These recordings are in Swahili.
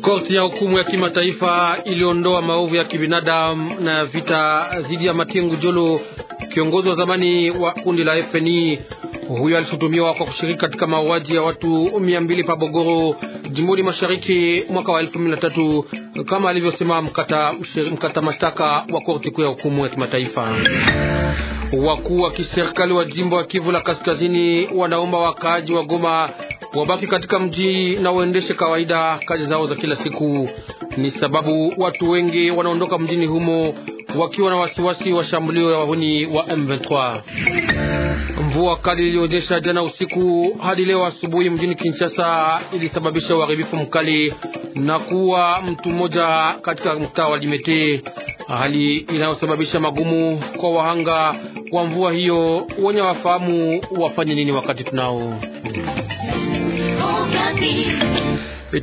Korti ya hukumu ya kimataifa iliondoa maovu ya kibinadamu na vita dhidi ya Matengu Jolo, kiongozi wa zamani wa kundi la FNI. Huyo alishutumiwa kwa kushiriki katika mauaji ya watu 200 pa pabogoro jimboni mashariki mwaka wa 2003 kama alivyosema mkata, mkata mashtaka wa korti kuu ya hukumu ya kimataifa. Wakuu wa kiserikali wa jimbo wa Kivu la Kaskazini wanaomba wakaaji wa Goma wabaki katika mji na waendeshe kawaida kazi zao za kila siku. Ni sababu watu wengi wanaondoka mjini humo wakiwa na wasiwasi wa shambulio ya wahuni wa M23. Mvua kali ilionyesha jana usiku hadi leo asubuhi mjini Kinshasa ilisababisha uharibifu mkali na kuwa mtu mmoja katika mtaa wa Limete, hali inayosababisha magumu kwa wahanga wa mvua hiyo, wenye wafahamu wafanye nini wakati tunao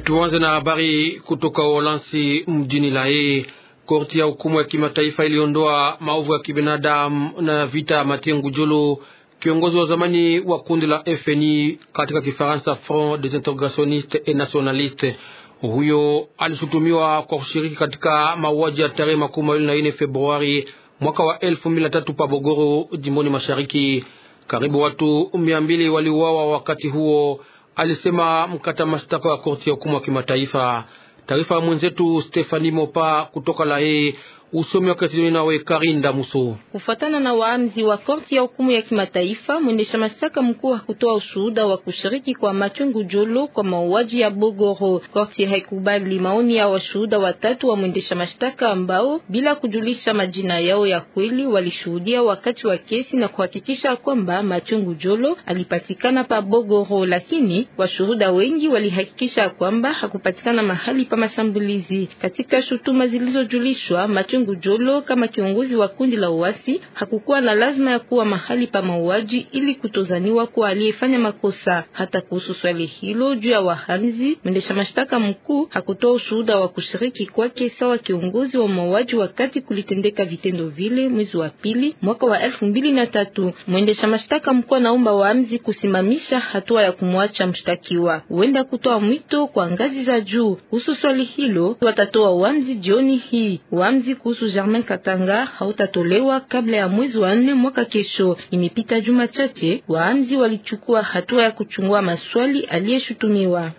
Tuanze na habari kutoka Uholansi mjini Lae. Korti ya hukumu ya kimataifa iliondoa maovu ya kibinadamu na vita Matengu Jolo, kiongozi wa zamani wa kundi la FNI katika Kifaransa, Front des Integrationistes et Nationalistes. Huyo alishutumiwa kwa kushiriki katika mauaji ya tarehe makumi mawili na nne Februari mwaka wa elfu mbili na tatu Pabogoro, jimboni mashariki. Karibu watu mia mbili waliuawa wakati huo, alisema mkata mashtaka wa korti ya hukumu wa kimataifa. Taarifa ya mwenzetu Stefani Mopa kutoka Lahii. Usomi wakati nawe Karinda Muso. Kufuatana na waamzi wa korti ya hukumu ya kimataifa, mwendesha mashtaka mkuu hakutoa ushuhuda wa kushiriki kwa Machungu Jolo kwa mauaji ya Bogoro. Korti haikubali maoni ya washuhuda watatu wa mwendesha mashtaka ambao bila kujulisha majina yao ya kweli walishuhudia wakati wa kesi na kuhakikisha kwamba Machungu Jolo alipatikana pa Bogoro, lakini washuhuda wengi walihakikisha kwamba hakupatikana mahali pa mashambulizi. Katika shutuma zilizojulishwa Machungu Bingu Jolo kama kiongozi wa kundi la uasi, hakukuwa na lazima ya kuwa mahali pa mauaji ili kutozaniwa kwa aliyefanya makosa. Hata kuhusu swali hilo juu ya wahamzi, mwendesha mashtaka mkuu hakutoa ushuhuda wa kushiriki kwake sawa kiongozi wa mauaji wakati kulitendeka vitendo vile mwezi wa pili mwaka wa elfu mbili na tatu. Mwendesha mashtaka mkuu anaomba waamzi kusimamisha hatua ya kumwacha mshtakiwa, huenda kutoa mwito kwa ngazi za juu kuhusu swali hilo. Watatoa uamzi jioni hii uamzi kuhusu Germain Katanga hautatolewa kabla ya mwezi wa nne mwaka kesho. Imepita juma chache, waamzi walichukua hatua ya kuchungua maswali aliyeshutumiwa.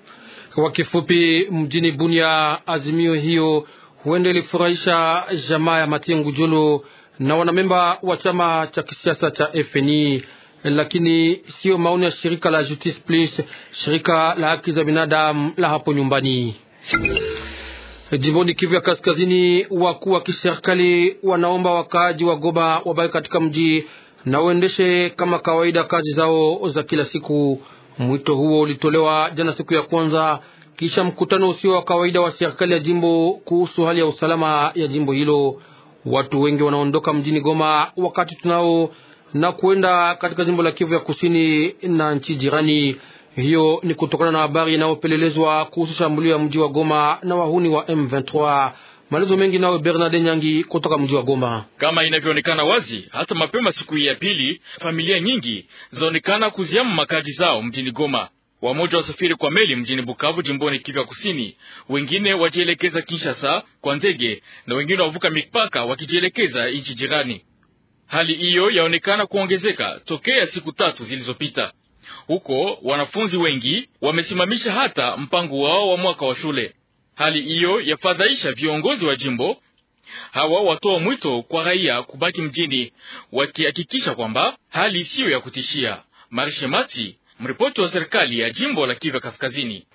Kwa kifupi, mjini Bunia, azimio hiyo huenda ilifurahisha jamaa ya Matie Ngujolo na wanamemba wa chama cha kisiasa cha FNI, lakini sio maoni ya shirika la Justice Plus, shirika la haki za binadamu la hapo nyumbani. Jimboni Kivu ya Kaskazini, wakuu wa kiserikali wanaomba wakaaji wa Goma wabaki katika mji na uendeshe kama kawaida kazi zao za kila siku. Mwito huo ulitolewa jana siku ya kwanza kisha mkutano usio wa kawaida wa serikali ya jimbo kuhusu hali ya usalama ya jimbo hilo. Watu wengi wanaondoka mjini Goma wakati tunao na kuenda katika jimbo la Kivu ya Kusini na nchi jirani. Hiyo ni kutokana na habari inayopelelezwa kuhusu shambulio ya mji wa Goma na wahuni wa M23. Maelezo mengi nawe Bernard Nyangi kutoka mji wa Goma. Kama inavyoonekana wazi, hata mapema siku hii ya pili, familia nyingi zaonekana kuziama makaji zao mjini Goma. Wamoja wasafiri kwa meli mjini Bukavu, jimboni Kivu Kusini, wengine wajielekeza Kinshasa kwa ndege, na wengine wavuka mipaka wakijielekeza nchi jirani. Hali hiyo yaonekana kuongezeka tokea siku tatu zilizopita. Huko wanafunzi wengi wamesimamisha hata mpango wao wa mwaka wa shule. Hali hiyo yafadhaisha viongozi wa jimbo. Hawa watoa mwito kwa raia kubaki mjini, wakihakikisha kwamba hali siyo ya kutishia. Marishe Mati, Mripoti wa serikali ya jimbo la Kivu Kaskazini.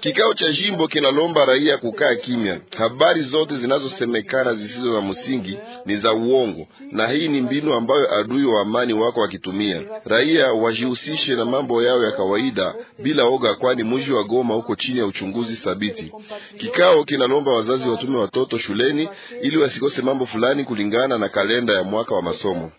Kikao cha jimbo kinalomba raia kukaa kimya. Habari zote zinazosemekana zisizo na msingi ni za uongo, na hii ni mbinu ambayo adui wa amani wako wakitumia. Raia wajihusishe na mambo yao ya kawaida bila oga, kwani mji wa Goma uko chini ya uchunguzi thabiti. Kikao kinalomba wazazi watume watoto shuleni ili wasikose mambo fulani kulingana na kalenda ya mwaka wa masomo.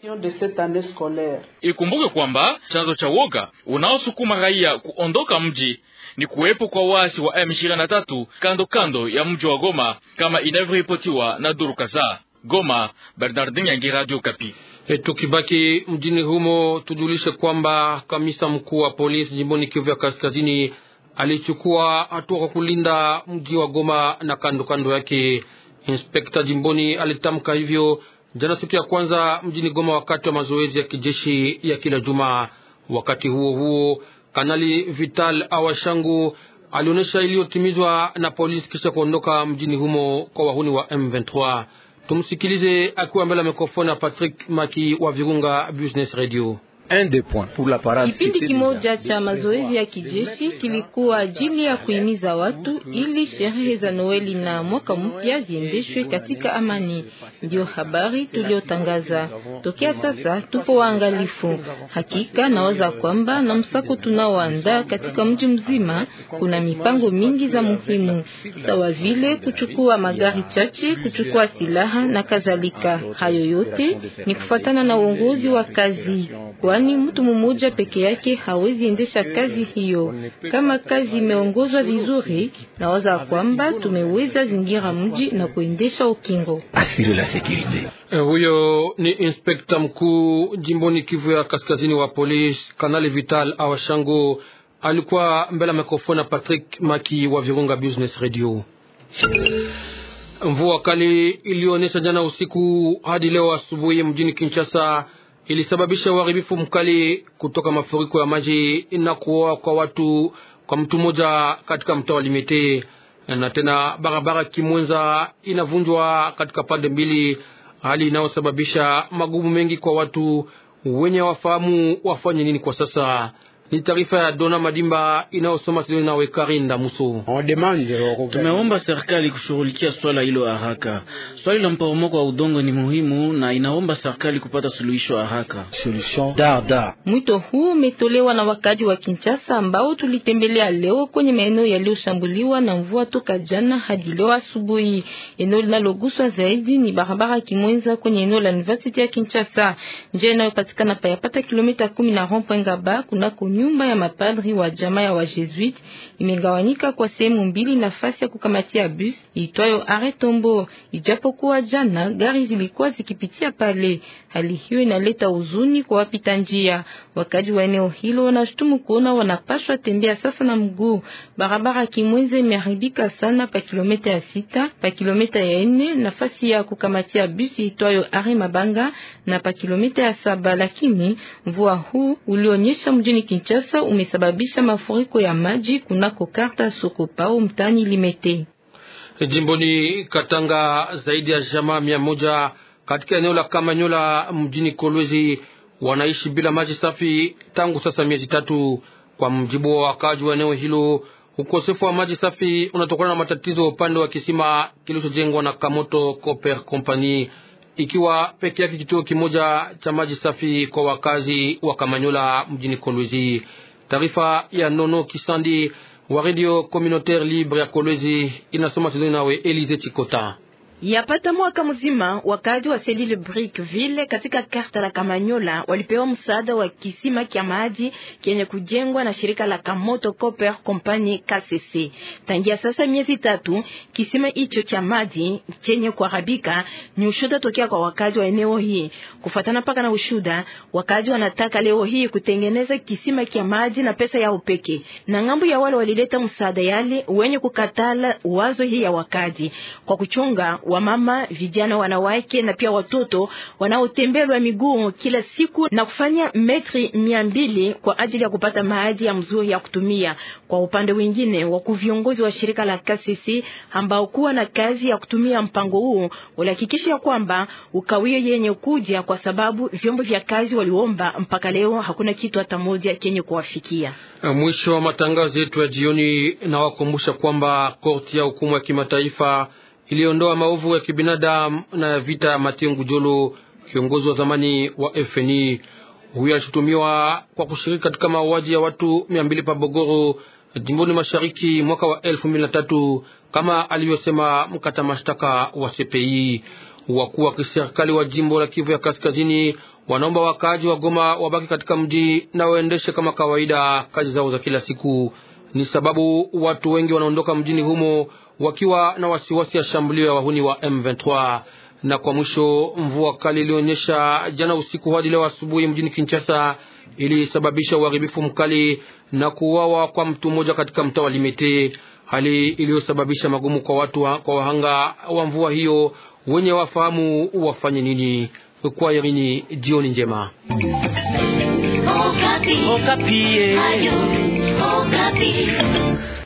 Ikumbuke kwamba chanzo cha woga unaosukuma raia kuondoka mji ni kuwepo kwa waasi wa M23 kando kando ya mji wa Goma kama inavyoripotiwa na duru kadhaa. Goma, Bernardin Yangi, Radio Kapi. E, tukibaki mjini humo tujulishe kwamba kamisa mkuu wa polisi jimboni Kivu ya Kaskazini alichukua hatua kwa kulinda mji wa Goma na kando kando yake. Inspekta jimboni alitamka hivyo jana siku ya kwanza mjini Goma wakati wa mazoezi ya kijeshi ya kila juma. Wakati huo huo, Kanali Vital Awashangu alionyesha iliyotimizwa na polisi kisha kuondoka mjini humo kwa wahuni wa M23. Tumsikilize akiwa mbele ya mikrofoni ya Patrick Maki wa Virunga Business Radio. Kipindi kimoja cha mazoezi ya kijeshi kilikuwa ajili ya kuhimiza watu ili sherehe za Noeli na mwaka mpya ziendeshwe katika amani. Ndio habari tuliyotangaza. Tokea sasa tupo waangalifu. Hakika nawaza kwamba na msako tunaoandaa katika mji mzima kuna mipango mingi za muhimu, sawa vile kuchukua magari chache, kuchukua silaha na kadhalika. Hayo yote ni kufuatana na uongozi wa kazi kwa kwani mtu mmoja peke yake hawezi endesha kazi hiyo. Kama kazi imeongozwa vizuri, nawaza kwamba tumeweza zingira mji na kuendesha ukingo. Eh, huyo ni inspekta mkuu jimboni Kivu ya kaskazini wa polisi, Kanali Vital Awashango alikuwa mbele ya mikrofoni ya Patrick Maki wa Virunga Business Radio. Mvua kali ilionyesha jana usiku hadi leo asubuhi mjini Kinshasa ilisababisha uharibifu mkali kutoka mafuriko ya maji na kuoa kwa watu kwa mtu mmoja katika mtaa wa Limete, na tena barabara Kimwenza inavunjwa katika pande mbili, hali inayosababisha magumu mengi kwa watu wenye wafahamu wafanye nini kwa sasa. Ni taarifa ya Dona Madimba inayosoma Sidoni nawe Karinda Muso. Tumeomba serikali kushughulikia swala hilo haraka. Swali la mporomoko wa udongo ni muhimu na inaomba serikali kupata suluhisho haraka. Solution da da. Mwito huu umetolewa na wakaji wa Kinshasa ambao tulitembelea leo kwenye maeneo yaliyoshambuliwa na mvua toka jana hadi leo asubuhi. Eneo linaloguswa zaidi ni barabara Kimwenza kwenye eneo la University ya Kinshasa. Njia inayopatikana payapata kilomita 10 na Rompwenga ba kuna kunyo nyumba ya mapadri wa jamaa ya Wajesuit imegawanyika kwa sehemu mbili, nafasi ya kukamatia bus itwayo Aretombo. Ijapokuwa jana gari zilikuwa zikipitia pale, hali hiyo inaleta huzuni kwa wapita njia. Wakaji wa eneo hilo wanashutumu kuona wanapashwa tembea sasa na mguu. Barabara Kimweze imeharibika sana, pa kilomita ya sita, pa kilomita ya nne nafasi ya kukamatia bus itwayo Are Mabanga na pa kilomita ya saba, lakini mvua huu ulionyesha mjini Kinshasa Kinshasa umesababisha mafuriko ya maji kunako karta soko pao mtani Limete jimboni Katanga. Zaidi ya jamaa mia moja katika eneo la Kamanyola mjini Kolwezi wanaishi bila maji safi tangu sasa miezi tatu, kwa mjibu wa wakaaji wa eneo hilo. Ukosefu wa maji safi unatokana na matatizo upande wa kisima kilichojengwa na Kamoto Copper Company ikiwa peke yake kituo kimoja cha maji safi kwa wakazi wa Kamanyola mjini Kolwezi. Taarifa ya Nono Kisandi wa Radio Communautaire Libre ya Kolwezi inasoma Sizoni nawe Elize Chikota. Yapata mwaka mzima wakazi wa selile Brick Brickville katika karta la Kamanyola walipewa msaada wa kisima kya maji kenye kujengwa na shirika la Kamoto Copper Company KCC. Tangia sasa miezi tatu, kisima hicho cha maji chenye kuharibika ni ushuda tokea kwa wakazi wa eneo hii. Kufatana paka na ushuda, wakazi wanataka leo hii kutengeneza kisima kya maji na pesa ya upeke. Na ngambo ya wale walileta msaada yale wenye kukatala wazo hii ya wakazi kwa kuchunga wamama, vijana, wanawake na pia watoto wanaotembelwa miguu kila siku na kufanya metri mia mbili kwa ajili ya kupata maji ya mzuri ya kutumia. Kwa upande wengine, wakuu viongozi wa shirika la KCC ambao kuwa na kazi ya kutumia mpango huu walihakikisha kwamba ukawio yenye kuja, kwa sababu vyombo vya kazi waliomba mpaka leo hakuna kitu hata moja kenye kuwafikia. Mwisho wa matangazo yetu ya jioni, nawakumbusha kwamba korti ya hukumu ya kimataifa iliondoa maovu ya kibinadamu na vita. Matengu Jolo, kiongozi wa zamani wa FNI, huyo alishutumiwa kwa kushiriki katika mauaji ya watu mia mbili pa Bogoro jimboni mashariki mwaka wa elfu mbili na tatu kama alivyosema mkata mashtaka wa CPI. Wakuu wa kiserikali wa jimbo la Kivu ya kaskazini wanaomba wakaaji wa Goma wabaki katika mji na waendeshe kama kawaida kazi zao za kila siku. Ni sababu watu wengi wanaondoka mjini humo wakiwa na wasiwasi ya shambulio ya wahuni wa M23. Na kwa mwisho, mvua kali ilionyesha jana usiku hadi leo asubuhi mjini Kinshasa ilisababisha uharibifu mkali na kuuawa kwa mtu mmoja katika mtaa wa Limete, hali iliyosababisha magumu kwa watu wa, kwa wahanga wa mvua hiyo wenye wafahamu wafanye nini. Kwa Irini, jioni njema. Okapi. Okapi. Eh. Happy.